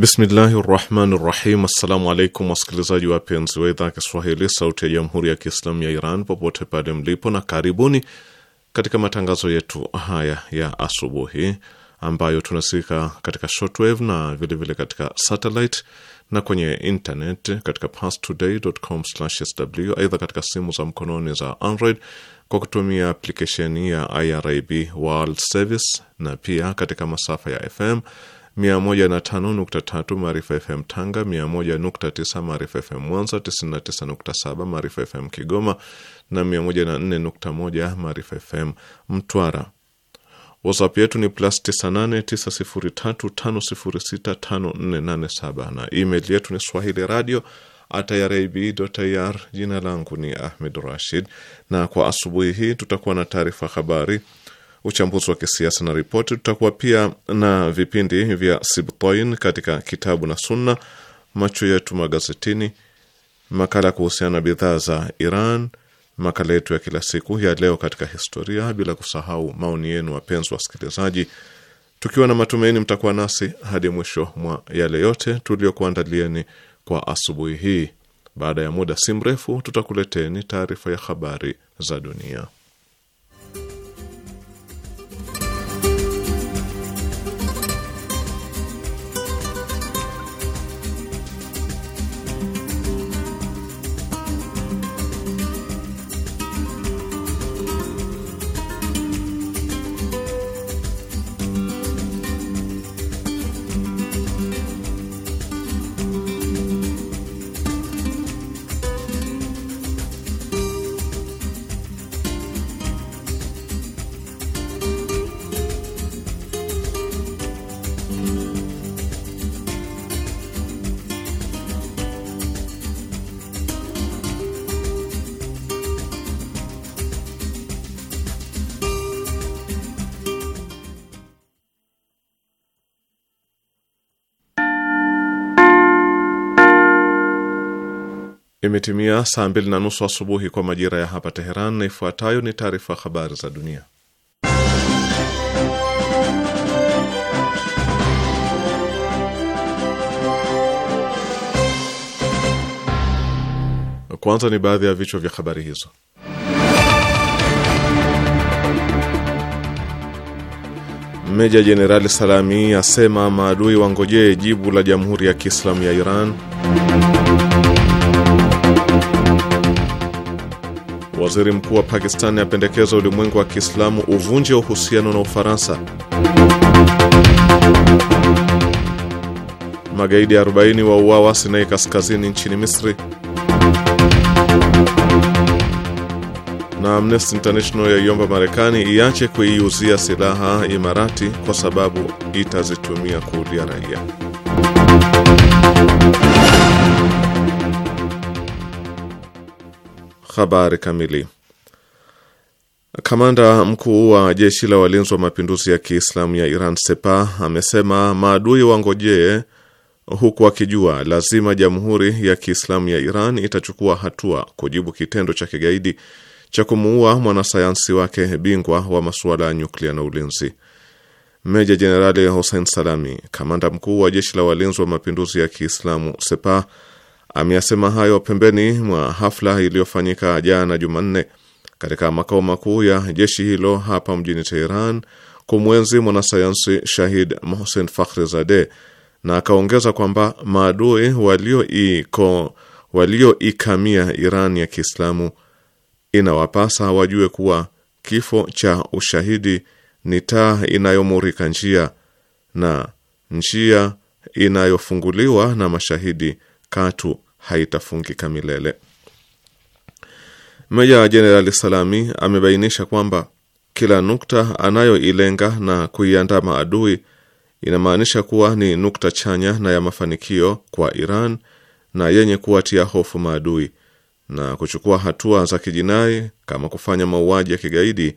Bismillahi rahmani rahim. Assalamu alaikum wasikilizaji wapenzi wa idhaa Kiswahili sauti ya jamhuri ya Kiislamu ya Iran popote pale mlipo, na karibuni katika matangazo yetu haya ya asubuhi ambayo tunasikika katika shortwave na vilevile vile katika satellite na kwenye internet katika pastoday.com/sw. Aidha, katika simu za mkononi za Android kwa kutumia aplikesheni ya IRIB World Service na pia katika masafa ya FM 105.3 Maarifa FM Tanga, 101.9 Maarifa FM Mwanza, 99.7 Maarifa FM Kigoma na 104.1 Maarifa FM Mtwara. WhatsApp yetu ni plus 989035065487 na email yetu ni swahili radio irib.ir. Jina langu ni Ahmed Rashid, na kwa asubuhi hii tutakuwa na taarifa habari uchambuzi wa kisiasa na ripoti. Tutakuwa pia na vipindi vya Sibtoin katika kitabu na Sunna, macho yetu magazetini, makala kuhusiana na bidhaa za Iran, makala yetu ya kila siku ya leo katika historia, bila kusahau maoni yenu, wapenzi wasikilizaji, tukiwa na matumaini mtakuwa nasi hadi mwisho mwa yale yote tuliyokuandalieni kwa asubuhi hii. Baada ya muda si mrefu, tutakuleteni taarifa ya habari za dunia. Imetimia saa mbili na nusu asubuhi kwa majira ya hapa Teheran, na ifuatayo ni taarifa habari za dunia. Kwanza ni baadhi ya vichwa vya habari hizo. Meja Jenerali Salami asema maadui wangojee jibu la Jamhuri ya Kiislamu ya Iran. Waziri mkuu wa Pakistani apendekeza ulimwengu wa Kiislamu uvunje uhusiano na Ufaransa. Magaidi 40 wa uawa Sinai kaskazini nchini Misri. Na Amnesty International yaiomba Marekani iache kuiuzia silaha Imarati kwa sababu itazitumia kuulia raia. Habari kamili. Kamanda mkuu wa jeshi la walinzi wa mapinduzi ya Kiislamu ya Iran sepa amesema maadui wangojee, huku akijua lazima jamhuri ya Kiislamu ya Iran itachukua hatua kujibu kitendo cha kigaidi cha kumuua mwanasayansi wake bingwa wa masuala ya nyuklia na ulinzi Meja Jenerali Hussein Salami, kamanda mkuu wa jeshi la walinzi wa mapinduzi ya Kiislamu Sepah ameyasema hayo pembeni mwa hafla iliyofanyika jana Jumanne katika makao makuu ya jeshi hilo hapa mjini Teheran kumwenzi mwanasayansi shahid Mohsen Fakhrizadeh, na akaongeza kwamba maadui walioikamia walio Iran ya Kiislamu inawapasa wajue kuwa kifo cha ushahidi ni taa inayomurika njia na njia inayofunguliwa na mashahidi katu haitafungika milele. Meja Jenerali Salami amebainisha kwamba kila nukta anayoilenga na kuiandaa maadui inamaanisha kuwa ni nukta chanya na ya mafanikio kwa Iran na yenye kuwatia hofu maadui, na kuchukua hatua za kijinai kama kufanya mauaji ya kigaidi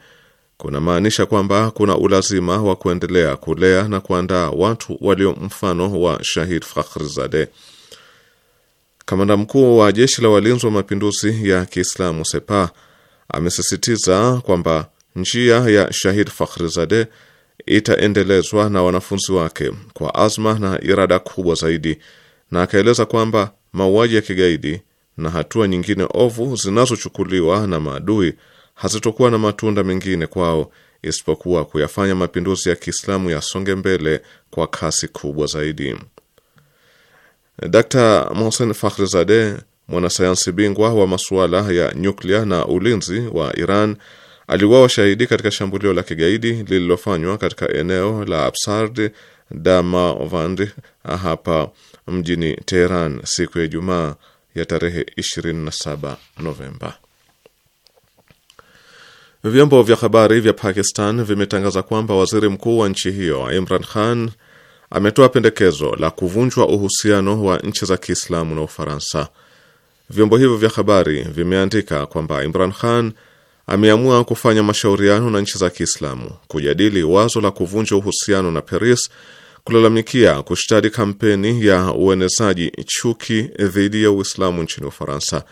kunamaanisha kwamba kuna ulazima wa kuendelea kulea na kuandaa watu walio mfano wa Shahid Fakhrizadeh. Kamanda mkuu wa jeshi la walinzi wa mapinduzi ya Kiislamu Sepa amesisitiza kwamba njia ya Shahid Fakhrizadeh itaendelezwa na wanafunzi wake kwa azma na irada kubwa zaidi, na akaeleza kwamba mauaji ya kigaidi na hatua nyingine ovu zinazochukuliwa na maadui hazitokuwa na matunda mengine kwao isipokuwa kuyafanya mapinduzi ya Kiislamu yasonge mbele kwa kasi kubwa zaidi. Dr. Mohsen Fakhrizadeh, mwanasayansi bingwa wa masuala ya nyuklia na ulinzi wa Iran, aliuawa shahidi katika shambulio la kigaidi lililofanywa katika eneo la Absard Damavand ah, hapa mjini Teheran siku ya Ijumaa ya tarehe 27 Novemba. Vyombo vya habari vya Pakistan vimetangaza kwamba waziri mkuu wa nchi hiyo Imran Khan ametoa pendekezo la kuvunjwa uhusiano wa nchi za Kiislamu na Ufaransa. Vyombo hivyo vya habari vimeandika kwamba Imran Khan ameamua kufanya mashauriano na nchi za Kiislamu kujadili wazo la kuvunja uhusiano na Paris, kulalamikia kushtadi kampeni ya uenezaji chuki dhidi ya Uislamu nchini Ufaransa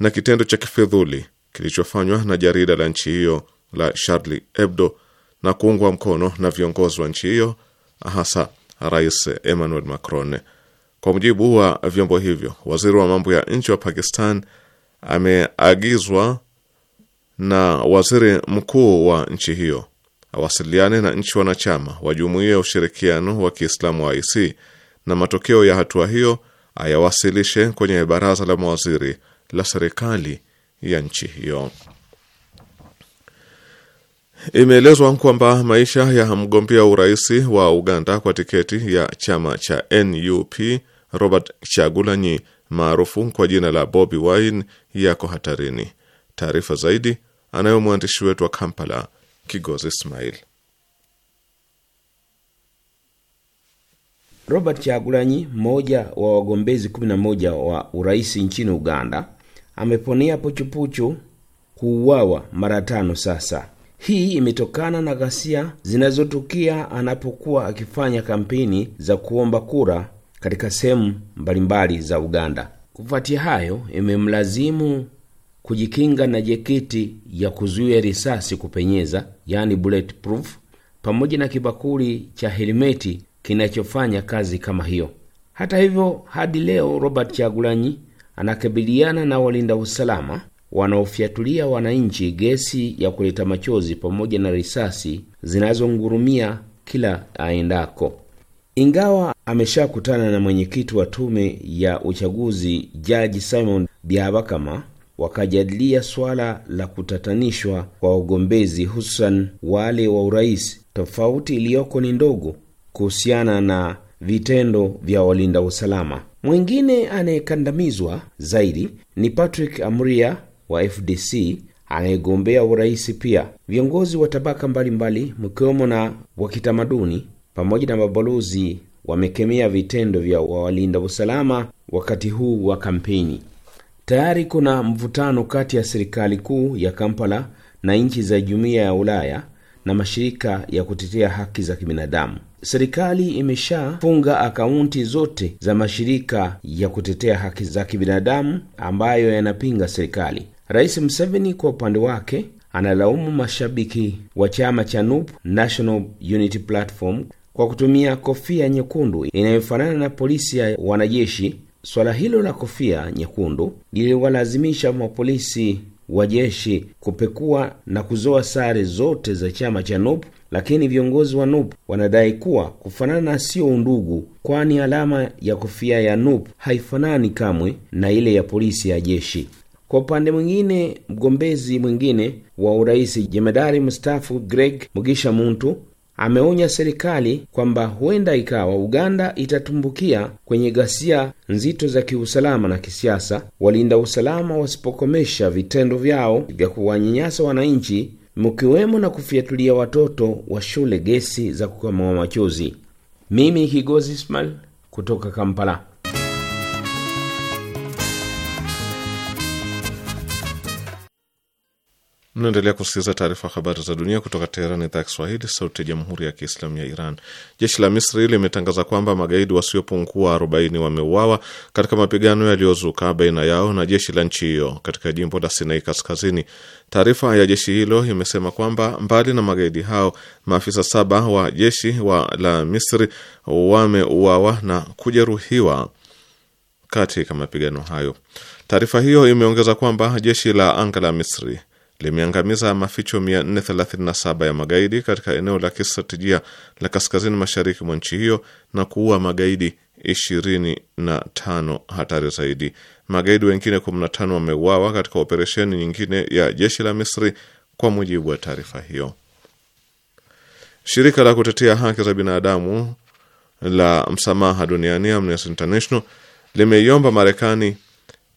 na kitendo cha kifedhuli kilichofanywa na jarida la nchi hiyo la Charlie Hebdo na kuungwa mkono na viongozi wa nchi hiyo hasa Rais Emmanuel Macron. Kwa mujibu wa vyombo hivyo, waziri wa mambo ya nchi wa Pakistan ameagizwa na waziri mkuu wa nchi hiyo awasiliane na nchi wanachama wa Jumuiya ya Ushirikiano wa Kiislamu wa IC na matokeo ya hatua hiyo ayawasilishe kwenye baraza la mawaziri la serikali ya nchi hiyo. Imeelezwa kwamba maisha ya mgombea urais wa Uganda kwa tiketi ya chama cha NUP Robert Chagulanyi maarufu kwa jina la Bobi Wine yako hatarini. Taarifa zaidi anayo mwandishi wetu wa Kampala, Kigozi Ismail. Robert Chagulanyi, mmoja wa wagombezi 11 wa urais nchini Uganda, ameponea puchupuchu kuuawa mara tano sasa hii imetokana na ghasia zinazotukia anapokuwa akifanya kampeni za kuomba kura katika sehemu mbalimbali za Uganda. Kufuatia hayo, imemlazimu kujikinga na jeketi ya kuzuia risasi kupenyeza, yani bulletproof, pamoja na kibakuli cha helmeti kinachofanya kazi kama hiyo. Hata hivyo, hadi leo Robert Chagulanyi anakabiliana na walinda usalama wanaofyatulia wananchi gesi ya kuleta machozi pamoja na risasi zinazongurumia kila aendako. Ingawa ameshakutana na mwenyekiti wa tume ya uchaguzi Jaji Simon Biabakama wakajadilia swala la kutatanishwa kwa wagombezi hususan wale wa urais, tofauti iliyoko ni ndogo kuhusiana na vitendo vya walinda usalama. Mwingine anayekandamizwa zaidi ni Patrick Amria wa FDC anayegombea urais. Pia viongozi wa tabaka mbalimbali mkiwemo na wa kitamaduni pamoja na mabalozi wamekemea vitendo vya walinda usalama wakati huu wa kampeni. Tayari kuna mvutano kati ya serikali kuu ya Kampala na nchi za Jumuiya ya Ulaya na mashirika ya kutetea haki za kibinadamu. Serikali imeshafunga akaunti zote za mashirika ya kutetea haki za kibinadamu ambayo yanapinga serikali. Rais Museveni kwa upande wake analaumu mashabiki wa chama cha NUP, National Unity Platform, kwa kutumia kofia nyekundu inayofanana na polisi ya wanajeshi. Swala hilo la kofia nyekundu liliwalazimisha mapolisi wa jeshi kupekua na kuzoa sare zote za chama cha NUP, lakini viongozi wa NUP wanadai kuwa kufanana sio undugu, kwani alama ya kofia ya NUP haifanani kamwe na ile ya polisi ya jeshi. Kwa upande mwingine, mgombezi mwingine wa urais jemedari mstaafu Greg Mugisha Muntu ameonya serikali kwamba huenda ikawa Uganda itatumbukia kwenye ghasia nzito za kiusalama na kisiasa, walinda usalama wasipokomesha vitendo vyao vya kuwanyanyasa wananchi, mkiwemo na kufiatulia watoto wa shule gesi za kukamua machozi. Mimi Kigozi Ismail kutoka Kampala. Mnaendelea kusikiliza taarifa habari za dunia kutoka Teheran, idhaa ya Kiswahili, sauti ya jamhuri ya kiislamu ya Iran. Jeshi la Misri limetangaza kwamba magaidi wasiopungua 40 wameuawa katika mapigano yaliyozuka baina yao na jeshi la nchi hiyo katika jimbo la Sinai Kaskazini. Taarifa ya jeshi hilo imesema kwamba mbali na magaidi hao, maafisa saba wa jeshi wa la Misri wameuawa na kujeruhiwa katika mapigano hayo. Taarifa hiyo imeongeza kwamba jeshi la anga la Misri limeangamiza maficho 437 ya magaidi katika eneo la kistratejia la kaskazini mashariki mwa nchi hiyo na kuua magaidi 25 hatari zaidi. Magaidi wengine 15 wameuawa katika operesheni nyingine ya jeshi la Misri, kwa mujibu wa taarifa hiyo. Shirika la kutetea haki za binadamu la msamaha duniani Amnesty International limeiomba Marekani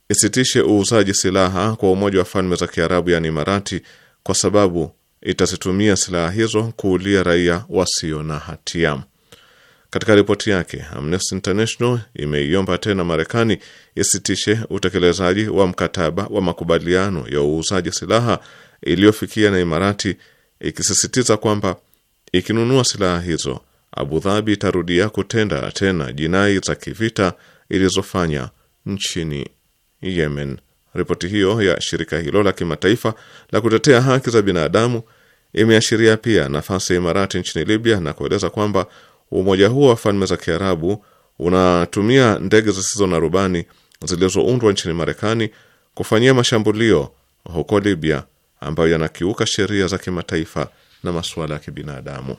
isitishe uuzaji silaha kwa Umoja wa Falme za Kiarabu yani Imarati kwa sababu itazitumia silaha hizo kuulia raia wasio na hatia. Katika ripoti yake, Amnesty International imeiomba tena Marekani isitishe utekelezaji wa mkataba wa makubaliano ya uuzaji silaha iliyofikia na Imarati, ikisisitiza kwamba ikinunua silaha hizo, Abu Dhabi itarudia kutenda tena jinai za kivita ilizofanya nchini Yemen. Ripoti hiyo ya shirika hilo la kimataifa la kutetea haki za binadamu imeashiria pia nafasi ya Imarati nchini Libya na kueleza kwamba umoja huo wa falme za Kiarabu unatumia ndege zisizo na rubani zilizoundwa nchini Marekani kufanyia mashambulio huko Libya ambayo yanakiuka sheria za kimataifa na masuala ya kibinadamu.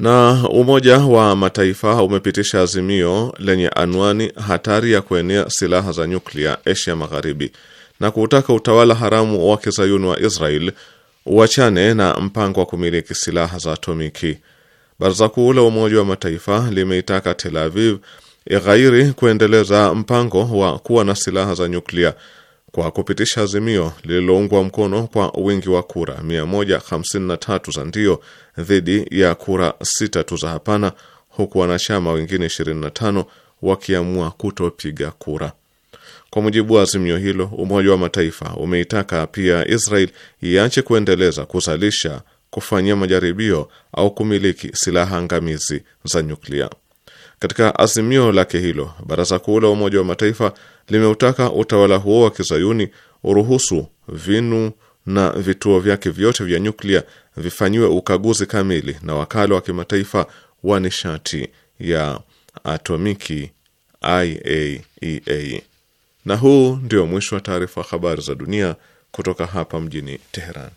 Na Umoja wa Mataifa umepitisha azimio lenye anwani hatari ya kuenea silaha za nyuklia Asia Magharibi na kuutaka utawala haramu wa kizayuni wa Israel uachane na mpango wa kumiliki silaha za atomiki. Baraza Kuu la Umoja wa Mataifa limeitaka Tel Aviv ighairi kuendeleza mpango wa kuwa na silaha za nyuklia kwa kupitisha azimio lililoungwa mkono kwa wingi wa kura 153 za ndio dhidi ya kura sita tu za hapana, huku wanachama wengine 25 wakiamua kutopiga kura. Kwa mujibu wa azimio hilo, Umoja wa Mataifa umeitaka pia Israel iache kuendeleza kuzalisha, kufanyia majaribio au kumiliki silaha angamizi za nyuklia. Katika azimio lake hilo, Baraza Kuu la Umoja wa Mataifa limeutaka utawala huo wa kizayuni uruhusu vinu na vituo vyake vyote vya nyuklia vifanyiwe ukaguzi kamili na wakala wa kimataifa wa nishati ya atomiki IAEA. E na huu ndio mwisho wa taarifa habari za dunia kutoka hapa mjini Teheran.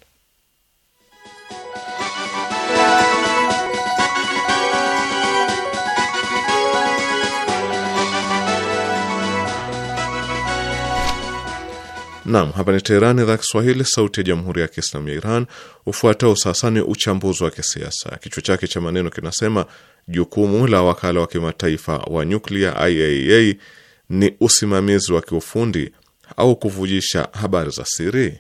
Naam, hapa ni Teherani, idhaa Kiswahili, sauti ya jamhuri ya kiislamu ya Iran. Ufuatao sasa ni uchambuzi wa kisiasa, kichwa chake cha maneno kinasema jukumu la wakala wa kimataifa wa nyuklia IAEA e ni usimamizi wa kiufundi au kuvujisha habari za siri.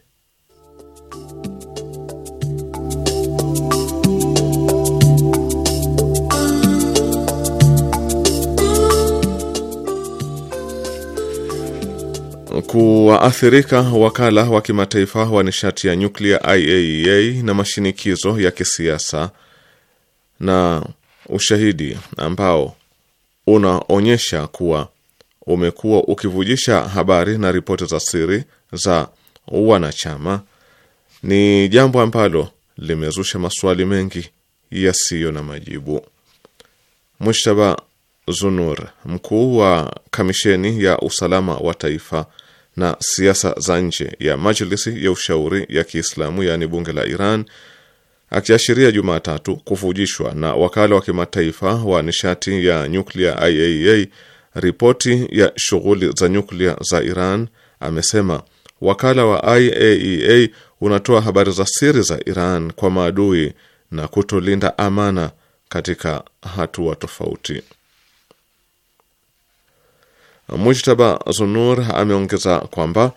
kuwaathirika wakala wa kimataifa wa nishati ya nyuklia IAEA e na mashinikizo ya kisiasa na ushahidi ambao unaonyesha kuwa umekuwa ukivujisha habari na ripoti za siri za wanachama ni jambo ambalo limezusha maswali mengi yasiyo na majibu. Mushtaba Zunur, mkuu wa kamisheni ya usalama wa taifa na siasa za nje ya Majlisi ya Ushauri ya Kiislamu, yaani bunge la Iran, akiashiria Jumatatu kuvujishwa na wakala wa kimataifa wa nishati ya nyuklia IAEA ripoti ya shughuli za nyuklia za Iran, amesema wakala wa IAEA unatoa habari za siri za Iran kwa maadui na kutolinda amana katika hatua tofauti. Mujtaba Zunur ameongeza kwamba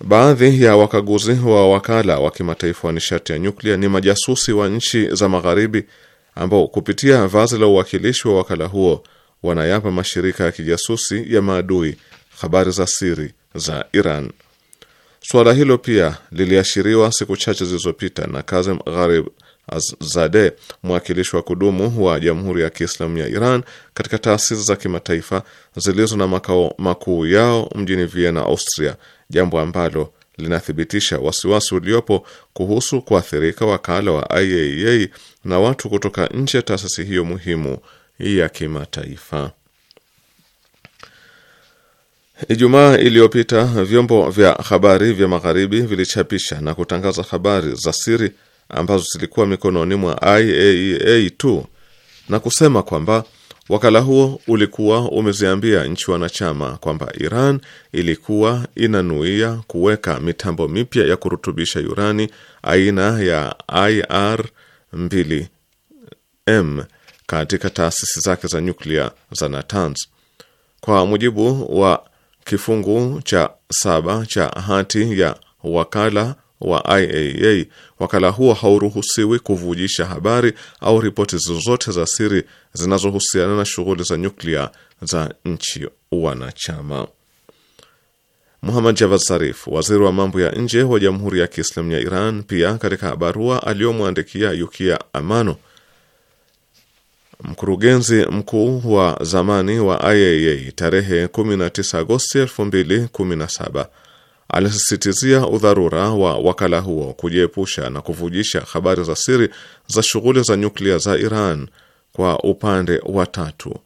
baadhi ya wakaguzi wa wakala wa kimataifa wa nishati ya nyuklia ni majasusi wa nchi za Magharibi ambao kupitia vazi la uwakilishi wa wakala huo wanayapa mashirika ya kijasusi ya maadui habari za siri za Iran. Suala hilo pia liliashiriwa siku chache zilizopita na Kazem Gharib, Azzadeh, mwakilishi wa kudumu wa Jamhuri ya Kiislamu ya Iran katika taasisi za kimataifa zilizo na makao makuu yao mjini Vienna, Austria, jambo ambalo linathibitisha wasiwasi uliopo kuhusu kuathirika wakala wa IAEA e na watu kutoka nje ya taasisi hiyo muhimu ya kimataifa. Ijumaa iliyopita vyombo vya habari vya magharibi vilichapisha na kutangaza habari za siri ambazo zilikuwa mikononi mwa IAEA e tu na kusema kwamba wakala huo ulikuwa umeziambia nchi wanachama kwamba Iran ilikuwa inanuia kuweka mitambo mipya ya kurutubisha urani aina ya IR2M katika taasisi zake za nyuklia za Natanz kwa mujibu wa kifungu cha saba cha hati ya wakala wa IAEA, wakala huo hauruhusiwi kuvujisha habari au ripoti zozote za siri zinazohusiana na shughuli za nyuklia za nchi wanachama. Muhammad Javad Zarif, waziri wa mambo ya nje wa Jamhuri ya Kiislamu ya Iran, pia katika barua aliyomwandikia Yukia Amano, mkurugenzi mkuu wa zamani wa IAEA tarehe 19 Agosti 2017 alisisitizia udharura wa wakala huo kujiepusha na kuvujisha habari za siri za shughuli za nyuklia za Iran kwa upande wa tatu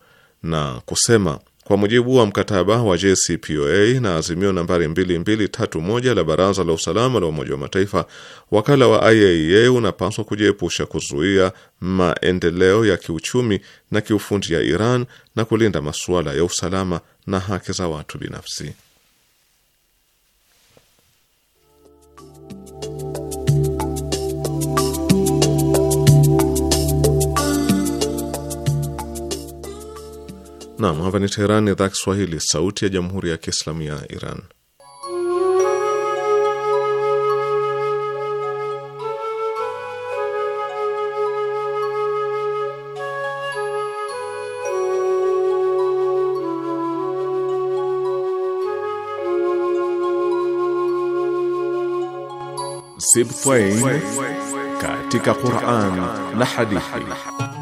na kusema kwa mujibu wa mkataba wa JCPOA na azimio nambari 2231 la Baraza la Usalama la Umoja wa Mataifa, wakala wa IAEA e unapaswa kujiepusha kuzuia maendeleo ya kiuchumi na kiufundi ya Iran na kulinda masuala ya usalama na haki za watu binafsi. Naam, hapa ni teheran idhaa Kiswahili, sauti ya jamhuri ya kiislamu ya Iran. Sibtain katika Quran na hadithi.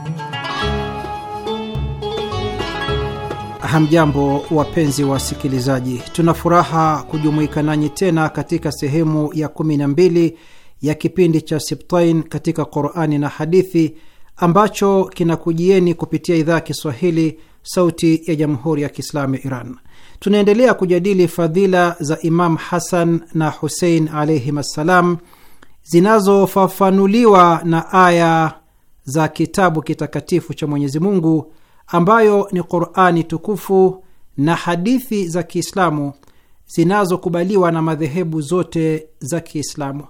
Hamjambo, wapenzi wa wasikilizaji, tuna furaha kujumuika nanyi tena katika sehemu ya kumi na mbili ya kipindi cha Siptain katika Qurani na Hadithi ambacho kinakujieni kupitia idhaa ya Kiswahili, Sauti ya Jamhuri ya Kiislamu ya Iran. Tunaendelea kujadili fadhila za Imam Hasan na Husein alaihim assalam zinazofafanuliwa na aya za kitabu kitakatifu cha Mwenyezi Mungu ambayo ni Qurani tukufu na hadithi za Kiislamu zinazokubaliwa na madhehebu zote za Kiislamu.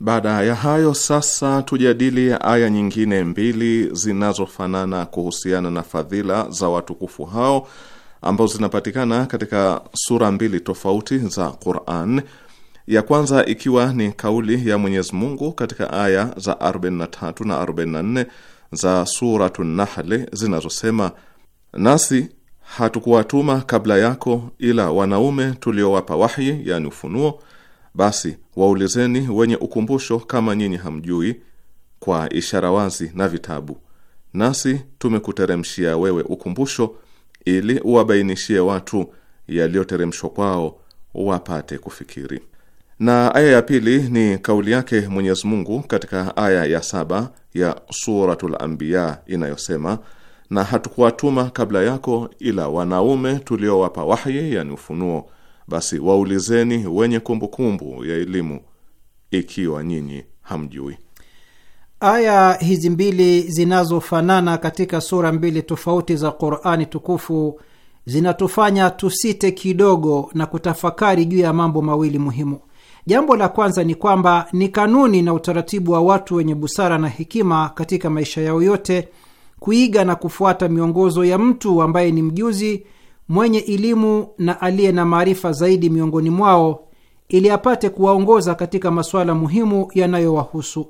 Baada ya hayo sasa, tujadili aya nyingine mbili zinazofanana kuhusiana na fadhila za watukufu hao ambazo zinapatikana katika sura mbili tofauti za Quran, ya kwanza ikiwa ni kauli ya Mwenyezi Mungu katika aya za 43 na 44 za Suratu Nahli zinazosema: nasi hatukuwatuma kabla yako ila wanaume tuliowapa wahyi, yani ufunuo, basi waulizeni wenye ukumbusho kama nyinyi hamjui, kwa ishara wazi na vitabu. Nasi tumekuteremshia wewe ukumbusho ili uwabainishie watu yaliyoteremshwa kwao wapate kufikiri na aya ya pili ni kauli yake Mwenyezi Mungu katika aya ya saba ya Suratul Anbiya inayosema, na hatukuwatuma kabla yako ila wanaume tuliowapa wahyi, yani ufunuo, basi waulizeni wenye kumbukumbu kumbu ya elimu ikiwa nyinyi hamjui. Aya hizi mbili zinazofanana katika sura mbili tofauti za Qur'ani tukufu zinatufanya tusite kidogo na kutafakari juu ya mambo mawili muhimu. Jambo la kwanza ni kwamba ni kanuni na utaratibu wa watu wenye busara na hekima katika maisha yao yote kuiga na kufuata miongozo ya mtu ambaye ni mjuzi mwenye elimu na aliye na maarifa zaidi miongoni mwao ili apate kuwaongoza katika masuala muhimu yanayowahusu.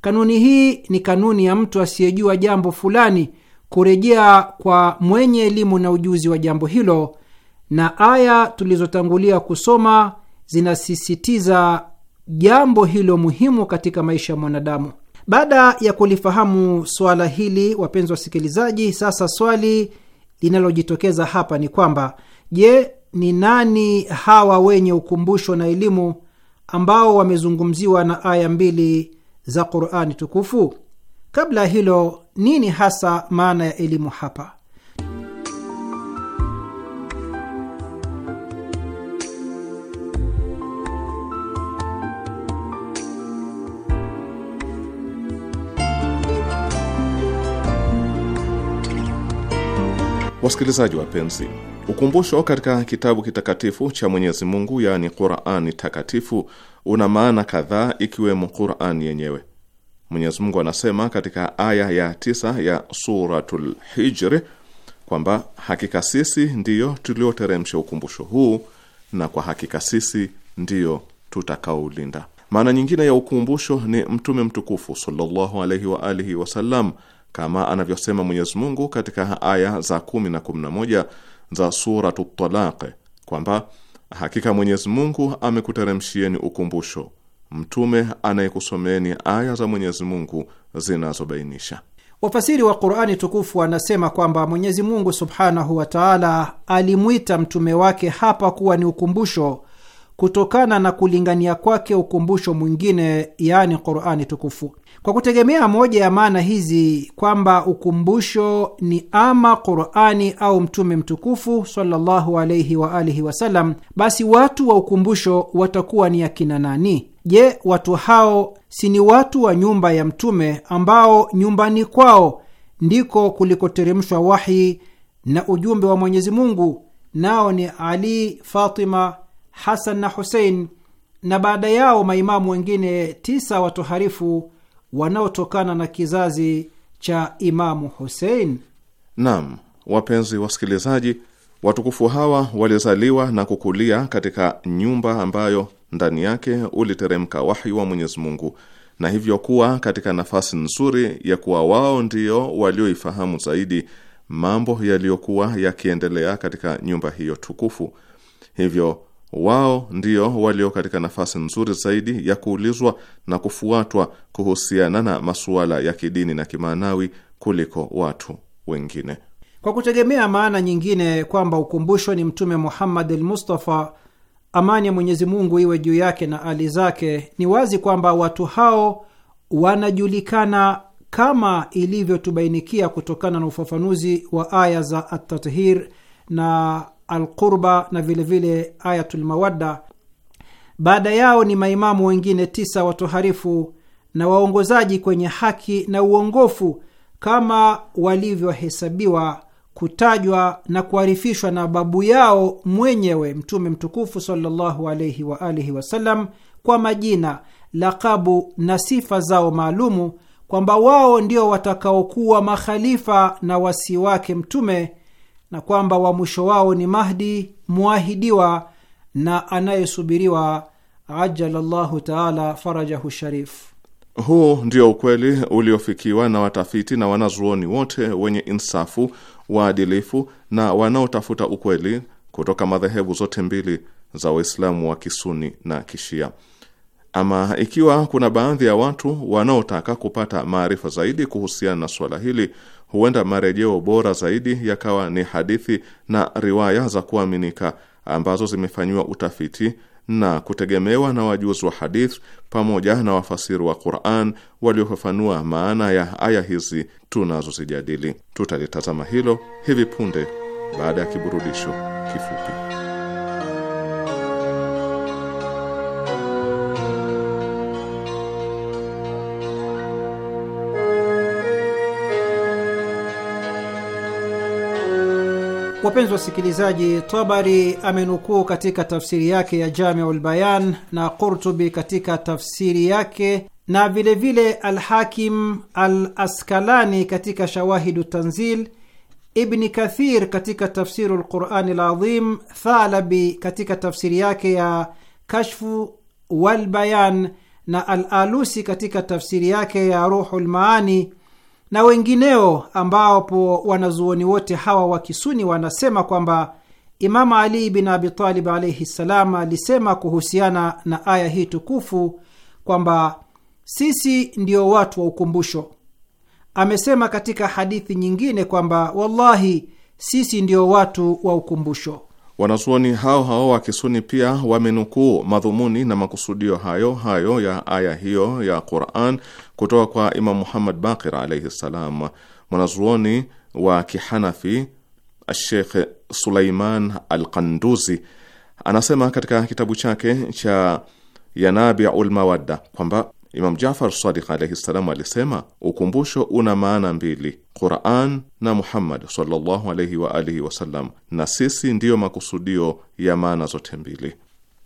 Kanuni hii ni kanuni ya mtu asiyejua jambo fulani kurejea kwa mwenye elimu na ujuzi wa jambo hilo, na aya tulizotangulia kusoma zinasisitiza jambo hilo muhimu katika maisha ya mwanadamu. Baada ya kulifahamu swala hili, wapenzi wasikilizaji, sasa swali linalojitokeza hapa ni kwamba je, ni nani hawa wenye ukumbusho na elimu ambao wamezungumziwa na aya mbili za Qur'ani tukufu? Kabla ya hilo, nini hasa maana ya elimu hapa? Wasikilizaji wapenzi, ukumbusho katika kitabu kitakatifu cha Mwenyezi Mungu, yaani Qurani Takatifu, una maana kadhaa, ikiwemo Qurani yenyewe. Mwenyezi Mungu anasema katika aya ya tisa ya Suratul Hijri kwamba hakika sisi ndiyo tulioteremsha ukumbusho huu na kwa hakika sisi ndiyo tutakaoulinda. Maana nyingine ya ukumbusho ni Mtume mtukufu sallallahu alaihi wa alihi wasallam kama anavyosema Mwenyezi Mungu katika aya za 111 na za Suratu Talaq kwamba hakika Mwenyezi Mungu amekuteremshieni ukumbusho, mtume anayekusomeeni aya za Mwenyezi Mungu zinazobainisha. Wafasiri wa Qurani tukufu wanasema kwamba Mwenyezi Mungu subhanahu wa taala alimwita mtume wake hapa kuwa ni ukumbusho kutokana na kulingania kwake ukumbusho mwingine, yaani Qurani tukufu. Kwa kutegemea moja ya maana hizi kwamba ukumbusho ni ama Qurani au Mtume mtukufu sallallahu alaihi wa alihi wasallam, basi watu wa ukumbusho watakuwa ni akina nani? Je, watu hao si ni watu wa nyumba ya Mtume ambao nyumbani kwao ndiko kulikoteremshwa wahi na ujumbe wa Mwenyezi Mungu, nao ni Ali, Fatima, Hasan na Husein, na baada yao maimamu wengine tisa watoharifu wanaotokana na kizazi cha Imamu Husein? Naam, wapenzi wasikilizaji, watukufu hawa walizaliwa na kukulia katika nyumba ambayo ndani yake uliteremka wahi wa Mwenyezi Mungu na hivyo kuwa katika nafasi nzuri ya kuwa wao ndio walioifahamu zaidi mambo yaliyokuwa yakiendelea katika nyumba hiyo tukufu. Hivyo wao ndio walio katika nafasi nzuri zaidi ya kuulizwa na kufuatwa kuhusiana na masuala ya kidini na kimaanawi kuliko watu wengine. Kwa kutegemea maana nyingine kwamba ukumbusho ni Mtume Muhammad al-Mustafa, amani ya Mwenyezi Mungu iwe juu yake na ali zake, ni wazi kwamba watu hao wanajulikana kama ilivyotubainikia kutokana na ufafanuzi wa aya za Atathir na Alqurba na vilevile Ayatul Mawadda. Baada yao ni maimamu wengine tisa watoharifu na waongozaji kwenye haki na uongofu kama walivyohesabiwa kutajwa na kuarifishwa na babu yao mwenyewe Mtume mtukufu sallallahu alaihi wa alihi wasallam kwa majina, lakabu na sifa zao maalumu, kwamba wao ndio watakaokuwa makhalifa na wasi wake Mtume na kwamba wa mwisho wao ni Mahdi mwahidiwa na anayesubiriwa ajalallahu taala farajahu sharif. Huu ndio ukweli uliofikiwa na watafiti na wanazuoni wote wenye insafu, waadilifu na wanaotafuta ukweli kutoka madhehebu zote mbili za Waislamu wa Kisuni na Kishia. Ama ikiwa kuna baadhi ya watu wanaotaka kupata maarifa zaidi kuhusiana na suala hili, huenda marejeo bora zaidi yakawa ni hadithi na riwaya za kuaminika ambazo zimefanyiwa utafiti na kutegemewa na wajuzi wa hadith pamoja na wafasiri wa Qur'an waliofafanua maana ya aya hizi tunazozijadili. Tutalitazama hilo hivi punde baada ya kiburudisho kifupi. Wapenzi wasikilizaji, Tabari amenukuu katika tafsiri yake ya Jamiul Bayan na Qurtubi katika tafsiri yake na vilevile Alhakim Al Askalani katika Shawahidu Tanzil, Ibni Kathir katika tafsiru lqurani Ladhim, Thalabi katika tafsiri yake ya Kashfu Walbayan na Al Alusi katika tafsiri yake ya Ruhu Lmaani na wengineo, ambapo wanazuoni wote hawa wa Kisuni wanasema kwamba Imamu Ali bin Abi Talib alaihi ssalam alisema kuhusiana na aya hii tukufu kwamba sisi ndio watu wa ukumbusho. Amesema katika hadithi nyingine kwamba wallahi, sisi ndio watu wa ukumbusho. Wanazuoni hao hao wa Kisuni pia wamenukuu madhumuni na makusudio hayo hayo ya aya hiyo ya Quran kutoka kwa Imam Muhammad Baqir alaihi ssalam, mwanazuoni wa Kihanafi Sheikh Sulaiman Alqanduzi anasema katika kitabu chake cha yanabiu lmawadda kwamba Imam Jafar Sadiq alaihi ssalam alisema ukumbusho una maana mbili, Quran na Muhammad sallallahu alaihi wa alihi wasallam, na sisi ndiyo makusudio ya maana zote mbili.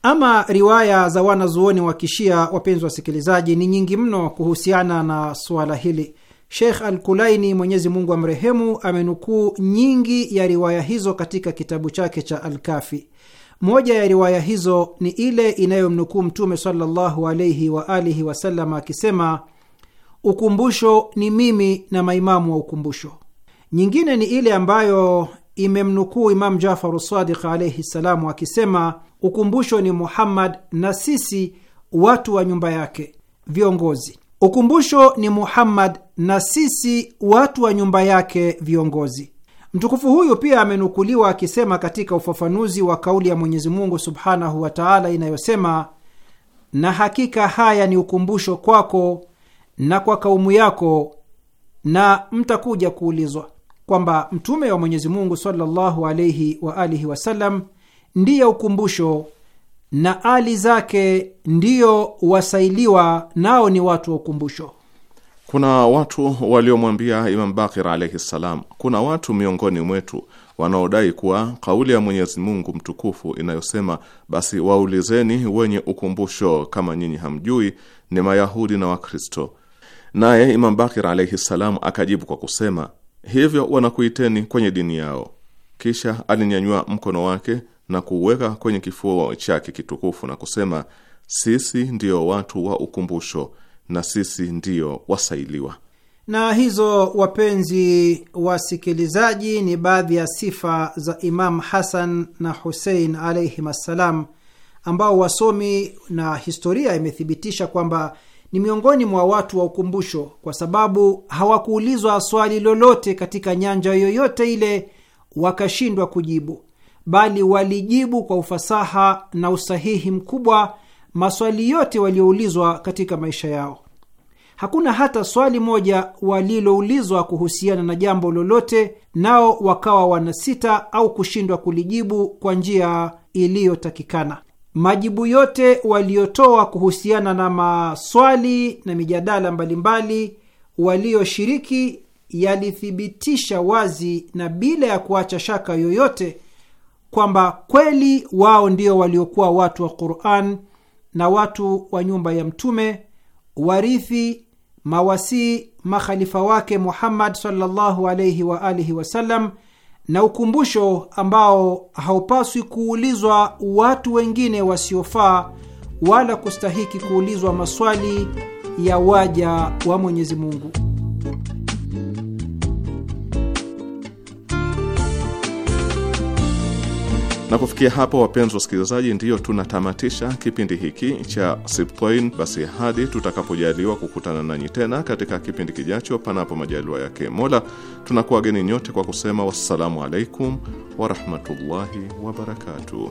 Ama riwaya za wanazuoni wa Kishia, wapenzi wasikilizaji, ni nyingi mno kuhusiana na suala hili. Sheikh Al-Kulaini, Mwenyezi Mungu amrehemu, amenukuu nyingi ya riwaya hizo katika kitabu chake cha alkafi moja ya riwaya hizo ni ile inayomnukuu Mtume sallallahu alaihi wa alihi wasallam akisema, ukumbusho ni mimi na maimamu wa ukumbusho. Nyingine ni ile ambayo imemnukuu Imamu Jafaru Sadiq alaihi ssalamu akisema, ukumbusho ni Muhammad na sisi watu wa nyumba yake viongozi. Ukumbusho ni Muhammad na sisi watu wa nyumba yake viongozi. Mtukufu huyu pia amenukuliwa akisema katika ufafanuzi wa kauli ya Mwenyezi Mungu subhanahu wa taala inayosema, na hakika haya ni ukumbusho kwako na kwa kaumu yako na mtakuja kuulizwa, kwamba mtume wa Mwenyezi Mungu sallallahu alaihi wa alihi wasallam ndiye ukumbusho na ali zake ndiyo wasailiwa, nao ni watu wa ukumbusho. Kuna watu waliomwambia Imam Bakir alaihi ssalam, kuna watu miongoni mwetu wanaodai kuwa kauli ya Mwenyezi Mungu mtukufu inayosema, basi waulizeni wenye ukumbusho kama nyinyi hamjui, ni Mayahudi na Wakristo. Naye Imam Bakir alaihi ssalam akajibu kwa kusema, hivyo wanakuiteni kwenye dini yao. Kisha alinyanyua mkono wake na kuuweka kwenye kifua chake kitukufu na kusema, sisi ndiyo watu wa ukumbusho na sisi ndiyo wasailiwa. Na hizo, wapenzi wasikilizaji, ni baadhi ya sifa za Imam Hasan na Husein alaihim assalam, ambao wasomi na historia imethibitisha kwamba ni miongoni mwa watu wa ukumbusho, kwa sababu hawakuulizwa swali lolote katika nyanja yoyote ile wakashindwa kujibu, bali walijibu kwa ufasaha na usahihi mkubwa maswali yote walioulizwa katika maisha yao. Hakuna hata swali moja waliloulizwa kuhusiana na jambo lolote, nao wakawa wanasita au kushindwa kulijibu kwa njia iliyotakikana. Majibu yote waliotoa kuhusiana na maswali na mijadala mbalimbali walioshiriki yalithibitisha wazi na bila ya kuacha shaka yoyote kwamba kweli wao ndio waliokuwa watu wa Qur'an na watu wa nyumba ya Mtume, warithi, mawasii, makhalifa wake Muhammad sallallahu alaihi wa alihi wasallam, na ukumbusho ambao haupaswi kuulizwa watu wengine wasiofaa wala kustahiki kuulizwa maswali ya waja wa Mwenyezi Mungu. Na kufikia hapo, wapenzi wasikilizaji, ndiyo tunatamatisha kipindi hiki cha Sibtain. Basi hadi tutakapojaliwa kukutana nanyi tena katika kipindi kijacho, panapo majaliwa yake Mola, tunakuwageni nyote kwa kusema wassalamu alaikum warahmatullahi wabarakatuh.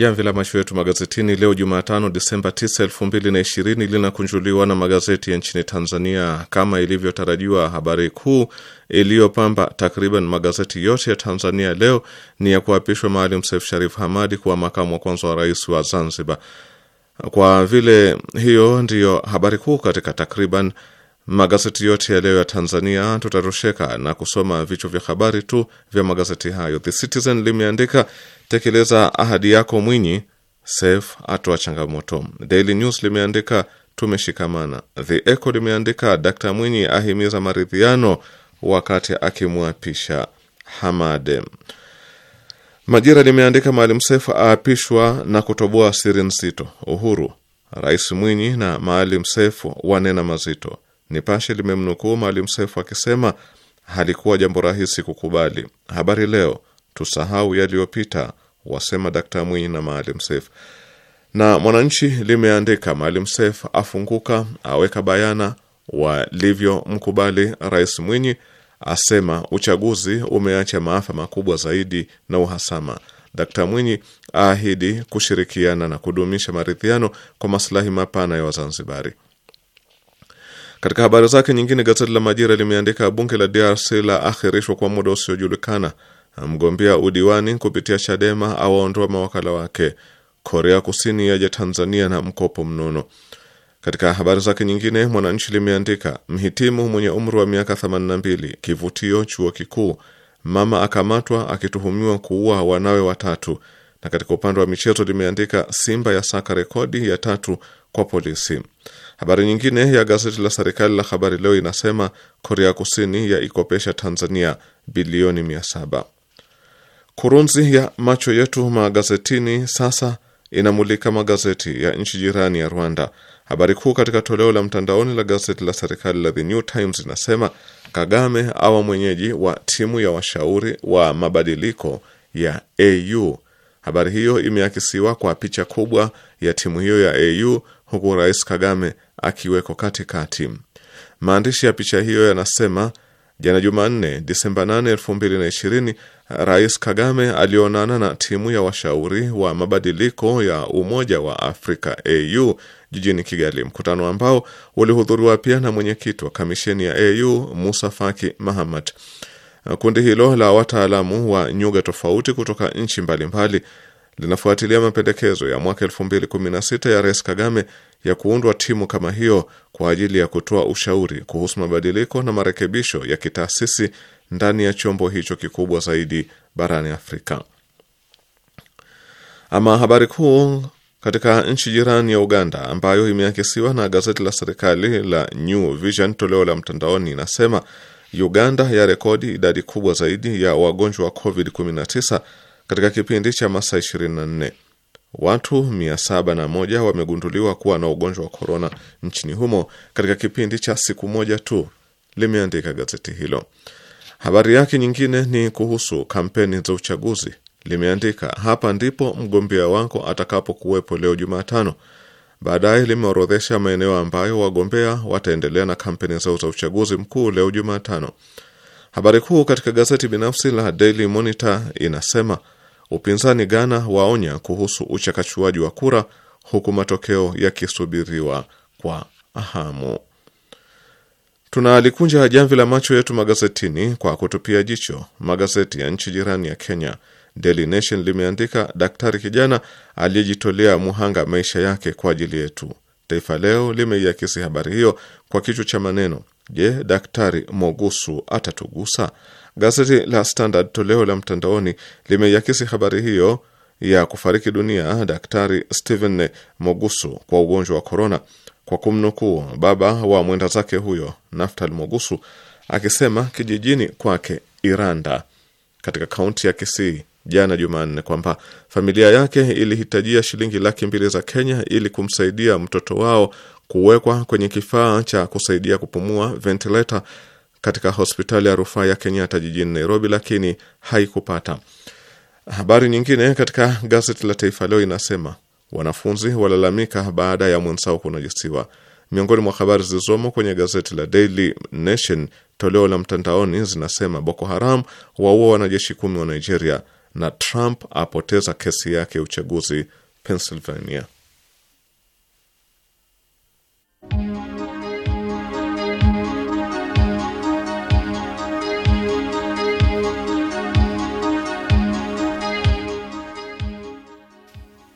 Jamvi la macho yetu magazetini leo Jumatano, Disemba 9, 2020 linakunjuliwa na magazeti ya nchini Tanzania. Kama ilivyotarajiwa, habari kuu iliyopamba takriban magazeti yote ya Tanzania leo ni ya kuapishwa Maalim Seif Sharif Hamadi kuwa makamu wa kwanza wa rais wa Zanzibar. Kwa vile hiyo ndiyo habari kuu katika takriban Magazeti yote ya leo ya Tanzania tutarusheka na kusoma vichwa vya habari tu vya magazeti hayo. The Citizen limeandika tekeleza ahadi yako Mwinyi, Seif atoa changamoto. Daily News limeandika tumeshikamana. The Echo limeandika Dkt Mwinyi ahimiza maridhiano wakati akimwapisha Hamade. Majira limeandika Maalim Sef aapishwa na kutoboa siri nzito. Uhuru, Rais Mwinyi na Maalim Sef wanena mazito. Nipashe limemnukuu Maalim Seif akisema halikuwa jambo rahisi kukubali. Habari Leo, tusahau yaliyopita, wasema Dkt Mwinyi na Maalim Seif. Na Mwananchi limeandika Maalim Seif afunguka, aweka bayana walivyomkubali Rais Mwinyi, asema uchaguzi umeacha maafa makubwa zaidi na uhasama. Dkt Mwinyi aahidi kushirikiana na kudumisha maridhiano kwa maslahi mapana ya Wazanzibari. Katika habari zake nyingine, gazeti la Majira limeandika bunge la DRC la akhirishwa kwa muda usiojulikana, mgombea udiwani kupitia Chadema awaondoa mawakala wake, Korea Kusini yaja Tanzania na mkopo mnono. Katika habari zake nyingine, Mwananchi limeandika mhitimu mwenye umri wa miaka 82 kivutio chuo kikuu, mama akamatwa akituhumiwa kuua wanawe watatu. Na katika upande wa michezo limeandika Simba ya saka rekodi ya tatu kwa polisi. Habari nyingine ya gazeti la serikali la Habari Leo inasema Korea Kusini yaikopesha Tanzania bilioni saba. Kurunzi ya macho yetu magazetini sasa inamulika magazeti ya nchi jirani ya Rwanda. Habari kuu katika toleo la mtandaoni la gazeti la serikali la The New Times inasema Kagame awa mwenyeji wa timu ya washauri wa mabadiliko ya AU. Habari hiyo imeakisiwa kwa picha kubwa ya timu hiyo ya AU huku Rais Kagame akiweko katikati. Maandishi ya picha hiyo yanasema Jana Jumanne, Disemba 8, 2020, Rais Kagame alionana na timu ya washauri wa mabadiliko ya Umoja wa Afrika AU jijini Kigali, mkutano ambao ulihudhuriwa pia na mwenyekiti wa kamisheni ya AU Musa Faki Mahamat. Kundi hilo la wataalamu wa nyuga tofauti kutoka nchi mbalimbali linafuatilia mapendekezo ya mwaka 2016 ya Rais Kagame ya kuundwa timu kama hiyo kwa ajili ya kutoa ushauri kuhusu mabadiliko na marekebisho ya kitaasisi ndani ya chombo hicho kikubwa zaidi barani Afrika. Ama habari kuu katika nchi jirani ya Uganda ambayo imeakisiwa na gazeti la serikali la New Vision toleo la mtandaoni inasema Uganda ya rekodi idadi kubwa zaidi ya wagonjwa wa COVID-19 katika kipindi cha masaa 24. Watu 701 wamegunduliwa kuwa na ugonjwa wa korona nchini humo katika kipindi cha siku moja tu, limeandika gazeti hilo. Habari yake nyingine ni kuhusu kampeni za uchaguzi, limeandika hapa ndipo mgombea wako atakapokuwepo leo Jumatano. Baadaye limeorodhesha maeneo ambayo wagombea wataendelea na kampeni zao za uchaguzi mkuu leo Jumatano. Habari kuu katika gazeti binafsi la Daily Monitor inasema Upinzani Ghana waonya kuhusu uchakachuaji wa kura huku matokeo yakisubiriwa kwa hamu. Tunalikunja jamvi la macho yetu magazetini kwa kutupia jicho magazeti ya nchi jirani ya Kenya. Daily Nation limeandika daktari kijana aliyejitolea muhanga maisha yake kwa ajili yetu. Taifa Leo limeiakisi habari hiyo kwa kichwa cha maneno, Je, Daktari Mogusu atatugusa? Gazeti la Standard toleo la mtandaoni limeiakisi habari hiyo ya kufariki dunia Daktari Stephen Mogusu kwa ugonjwa wa korona kwa kumnukuu baba wa mwenda zake huyo Naftali Mogusu akisema kijijini kwake Iranda katika kaunti ya Kisii jana Jumanne kwamba familia yake ilihitajia shilingi laki mbili za Kenya ili kumsaidia mtoto wao kuwekwa kwenye kifaa cha kusaidia kupumua ventilator katika hospitali ya rufaa ya Kenyatta jijini Nairobi, lakini haikupata. Habari nyingine katika gazeti la Taifa Leo inasema wanafunzi walalamika baada ya mwenzao kunajisiwa. Miongoni mwa habari zilizomo kwenye gazeti la Daily Nation toleo la mtandaoni zinasema Boko Haram waua wanajeshi kumi wa Nigeria na Trump apoteza kesi yake ya uchaguzi Pennsylvania.